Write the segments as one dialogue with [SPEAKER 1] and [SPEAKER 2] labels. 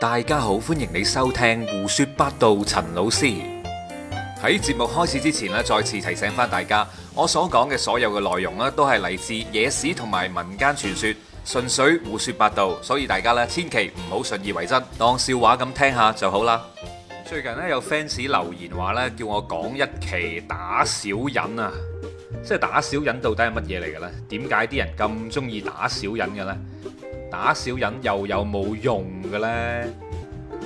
[SPEAKER 1] 大家好，歡迎你收聽《胡說八道》。陳老師喺節目開始之前呢，再次提醒翻大家，我所講嘅所有嘅內容呢，都係嚟自野史同埋民間傳說，純粹胡說八道，所以大家呢，千祈唔好信以為真，當笑話咁聽下就好啦。最近呢，有 fans 留言話呢，叫我講一期打小人啊，即係打小人到底係乜嘢嚟嘅呢？點解啲人咁中意打小人嘅呢？打小人又有冇用嘅咧？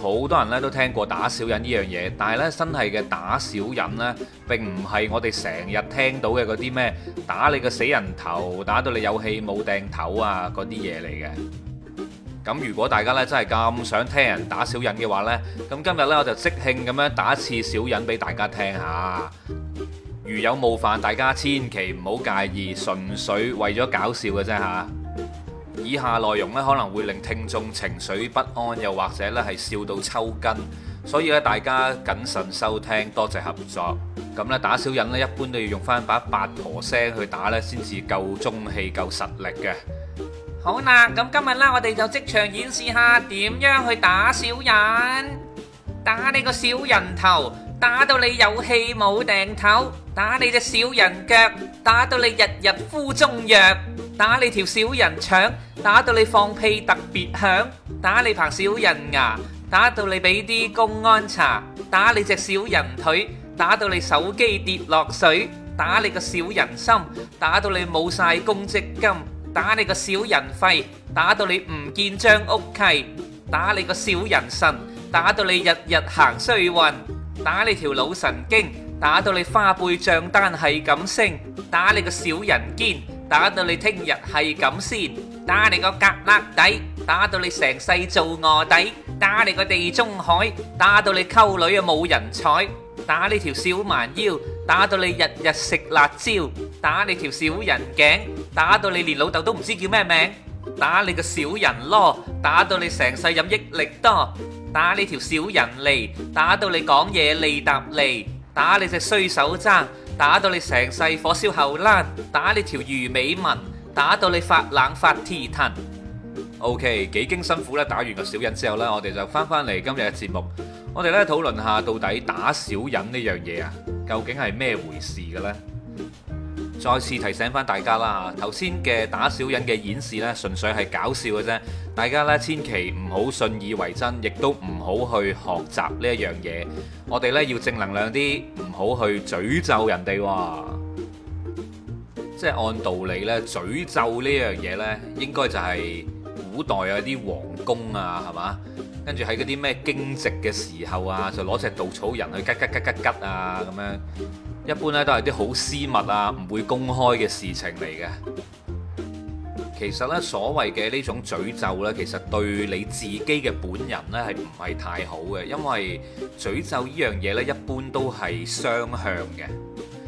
[SPEAKER 1] 好多人咧都聽過打小人呢樣嘢，但係咧真係嘅打小人呢並唔係我哋成日聽到嘅嗰啲咩打你個死人頭，打到你有氣冇掟頭啊嗰啲嘢嚟嘅。咁如果大家咧真係咁想聽人打小人嘅話呢，咁今日呢我就即興咁樣打一次小人俾大家聽下。如有冒犯，大家千祈唔好介意，純粹為咗搞笑嘅啫嚇。以下內容呢可能會令聽眾情緒不安，又或者呢係笑到抽筋，所以呢大家謹慎收聽，多謝合作。咁呢打小人呢一般都要用返把八婆聲去打呢，先至夠中氣夠實力嘅。
[SPEAKER 2] 好啦，咁今日啦，我哋就即場演示下點樣去打小人，打你個小人頭，打到你有氣冇定頭，打你隻小人腳，打到你日日敷中藥。打你條小人腸，打到你放屁特別響；打你棚小人牙，打到你俾啲公安查；打你隻小人腿，打到你手機跌落水；打你個小人心，打到你冇晒公積金；打你個小人肺，打到你唔見張屋契；打你個小人神，打到你日日行衰運；打你條老神經，打到你花唄賬單係咁升；打你個小人肩。打到你聽日係咁先，打你個格肋底，打到你成世做卧底，打你個地中海，打到你溝女啊冇人睬，打你條小蠻腰，打到你日日食辣椒，打你條小人頸，打到你連老豆都唔知叫咩名，打你個小人囉，打到你成世飲益力多，打你條小人脷，打到你講嘢利搭利，打你隻衰手踭。打到你成世火燒後欄，打你條魚尾紋，打到你發冷發 titin。OK，幾經辛苦啦，打
[SPEAKER 1] 完個小人之後咧，我哋就翻翻嚟今日嘅節目，我哋咧討論下到底打小人呢樣嘢啊，究竟係咩回事嘅咧？再次提醒翻大家啦，頭先嘅打小人嘅演示呢，純粹係搞笑嘅啫。大家呢，千祈唔好信以為真，亦都唔好去學習呢一樣嘢。我哋呢，要正能量啲，唔好去詛咒人哋喎。即係按道理呢，詛咒呢樣嘢呢，應該就係古代有啲王公啊，係嘛？跟住喺嗰啲咩驚蟄嘅時候啊，就攞隻稻草人去吉吉吉吉吉啊，咁樣。一般咧都係啲好私密啊，唔會公開嘅事情嚟嘅。其實呢，所謂嘅呢種詛咒呢，其實對你自己嘅本人呢係唔係太好嘅，因為詛咒呢樣嘢呢一般都係雙向嘅，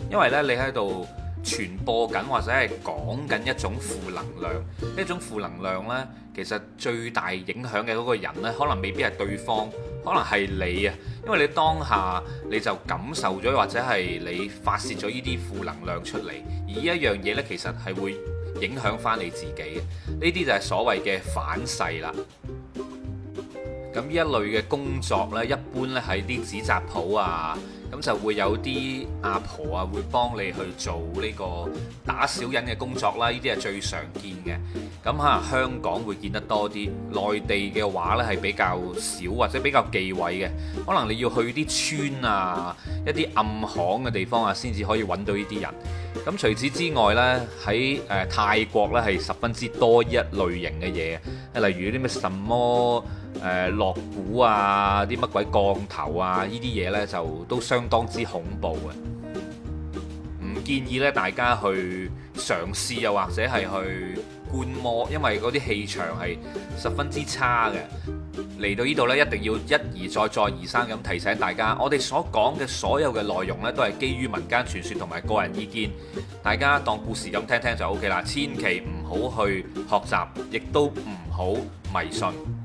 [SPEAKER 1] 因為呢，你喺度傳播緊或者係講緊一種負能量，一種負能量呢，其實最大影響嘅嗰個人呢，可能未必係對方，可能係你啊，因為你當下你就感受咗或者係你發泄咗呢啲負能量出嚟，而依一樣嘢呢，其實係會影響翻你自己嘅，呢啲就係所謂嘅反噬啦。咁呢一類嘅工作呢，一般呢係啲紙紮鋪啊，咁就會有啲阿婆啊，會幫你去做呢個打小人嘅工作啦。呢啲係最常見嘅。咁可能香港會見得多啲，內地嘅話呢係比較少或者比較忌諱嘅。可能你要去啲村啊、一啲暗巷嘅地方啊，先至可以揾到呢啲人。咁除此之外呢，喺誒、呃、泰國呢係十分之多一類型嘅嘢，例如啲咩什麼。誒、呃、落鼓啊！啲乜鬼降頭啊！呢啲嘢呢，就都相當之恐怖嘅，唔建議咧大家去嘗試，又或者係去觀摩，因為嗰啲氣場係十分之差嘅。嚟到呢度呢，一定要一而再、再而三咁提醒大家，我哋所講嘅所有嘅內容呢，都係基於民間傳說同埋個人意見，大家當故事咁聽聽就 OK 啦。千祈唔好去學習，亦都唔好迷信。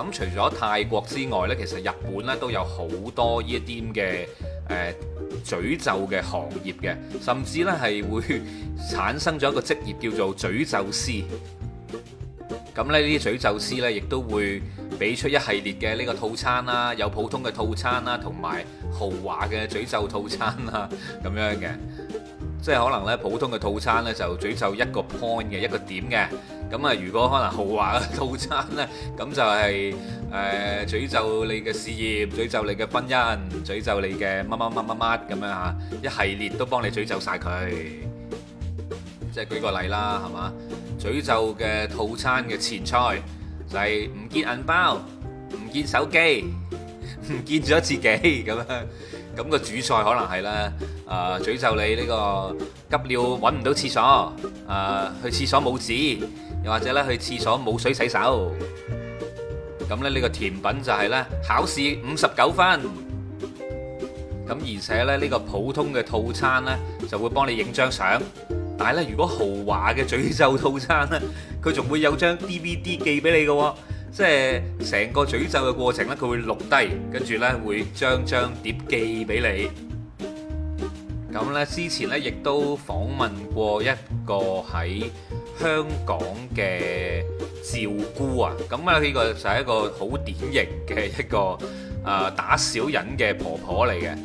[SPEAKER 1] 咁除咗泰國之外呢，其實日本呢都有好多呢一啲嘅誒詛咒嘅行業嘅，甚至呢係會產生咗一個職業叫做詛咒師。咁呢啲詛咒師呢，亦都會俾出一系列嘅呢個套餐啦，有普通嘅套餐啦，同埋豪華嘅詛咒套餐啦，咁樣嘅。即係可能咧，普通嘅套餐咧就詛咒一個 point 嘅一個點嘅。咁啊，如果可能豪華嘅套餐咧，咁就係誒詛咒你嘅事業、詛咒你嘅婚姻、詛咒你嘅乜乜乜乜乜咁樣吓，一系列都幫你詛咒晒佢。即係舉個例啦，係嘛？詛咒嘅套餐嘅前菜就係唔見銀包、唔見手機、唔見咗自己咁樣，咁個主菜可能係啦。誒詛咒你呢個急尿揾唔到廁所，誒去廁所冇紙，又或者咧去廁所冇水洗手，咁咧呢個甜品就係咧考試五十九分，咁而且咧呢個普通嘅套餐呢，就會幫你影張相，但係咧如果豪華嘅詛咒套餐呢，佢仲會有張 DVD 寄俾你嘅喎，即係成個詛咒嘅過程呢，佢會錄低，跟住呢會將張碟寄俾你。咁咧，之前咧亦都訪問過一個喺香港嘅照顧啊，咁啊呢個就係一個好典型嘅一個誒打小人嘅婆婆嚟嘅。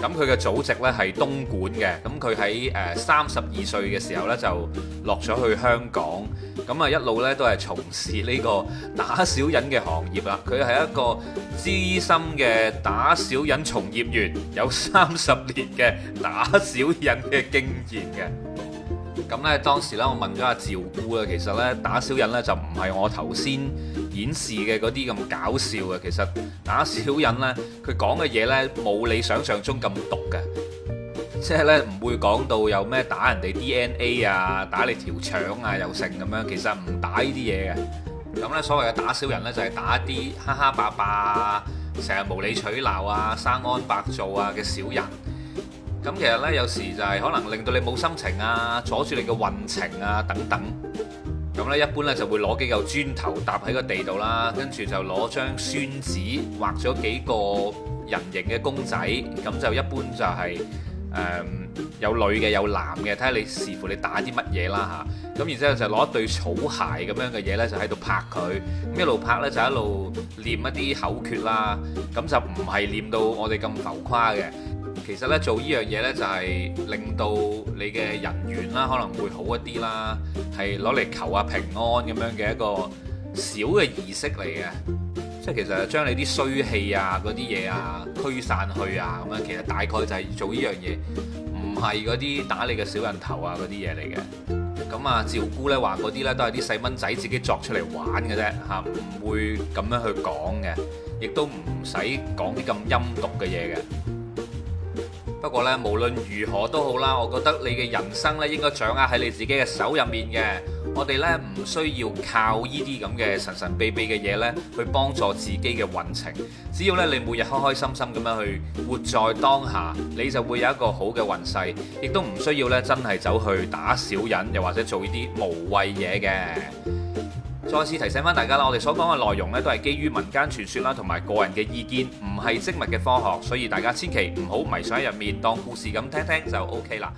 [SPEAKER 1] 咁佢嘅祖籍呢係東莞嘅，咁佢喺誒三十二歲嘅時候呢，就落咗去香港，咁啊一路呢都係從事呢個打小人嘅行業啦。佢係一個資深嘅打小人從業員，有三十年嘅打小人嘅經驗嘅。咁呢當時呢，我問咗阿趙姑啊，其實呢，打小人呢就唔係我頭先顯示嘅嗰啲咁搞笑嘅，其實打小人咧，佢講嘅嘢咧冇你想象中咁毒嘅，即係咧唔會講到有咩打人哋 DNA 啊，打你條腸啊又成咁樣。其實唔打呢啲嘢嘅，咁咧所謂嘅打小人咧就係打一啲蝦蝦霸霸啊，成日無理取鬧啊、生安白做啊嘅小人。咁其實咧有時就係可能令到你冇心情啊，阻住你嘅運程啊等等。咁咧一般咧就會攞幾嚿磚頭搭喺個地度啦，跟住就攞張宣紙畫咗幾個人形嘅公仔，咁就一般就係、是、誒、呃、有女嘅，有男嘅，睇下你視乎你打啲乜嘢啦嚇。咁、啊、然之後就攞一對草鞋咁樣嘅嘢咧，就喺度拍佢咁一路拍咧就一路唸一啲口訣啦，咁就唔係唸到我哋咁浮誇嘅。其實咧做呢樣嘢呢，就係令到你嘅人緣啦，可能會好一啲啦。係攞嚟求下平安咁樣嘅一個小嘅儀式嚟嘅，即係其實將你啲衰氣啊嗰啲嘢啊驅散去啊咁樣。其實大概就係做呢樣嘢，唔係嗰啲打你嘅小人頭啊嗰啲嘢嚟嘅。咁啊，趙姑呢話嗰啲呢，都係啲細蚊仔自己作出嚟玩嘅啫，嚇唔會咁樣去講嘅，亦都唔使講啲咁陰毒嘅嘢嘅。不過咧，無論如何都好啦，我覺得你嘅人生咧應該掌握喺你自己嘅手入面嘅。我哋咧唔需要靠呢啲咁嘅神神秘秘嘅嘢咧去幫助自己嘅運程。只要咧你每日開開心心咁樣去活在當下，你就會有一個好嘅運勢，亦都唔需要咧真係走去打小人，又或者做呢啲無謂嘢嘅。再次提醒翻大家啦，我哋所講嘅內容咧都係基於民間傳說啦，同埋個人嘅意見，唔係精密嘅科學，所以大家千祈唔好迷上喺入面，當故事咁聽聽就 OK 啦。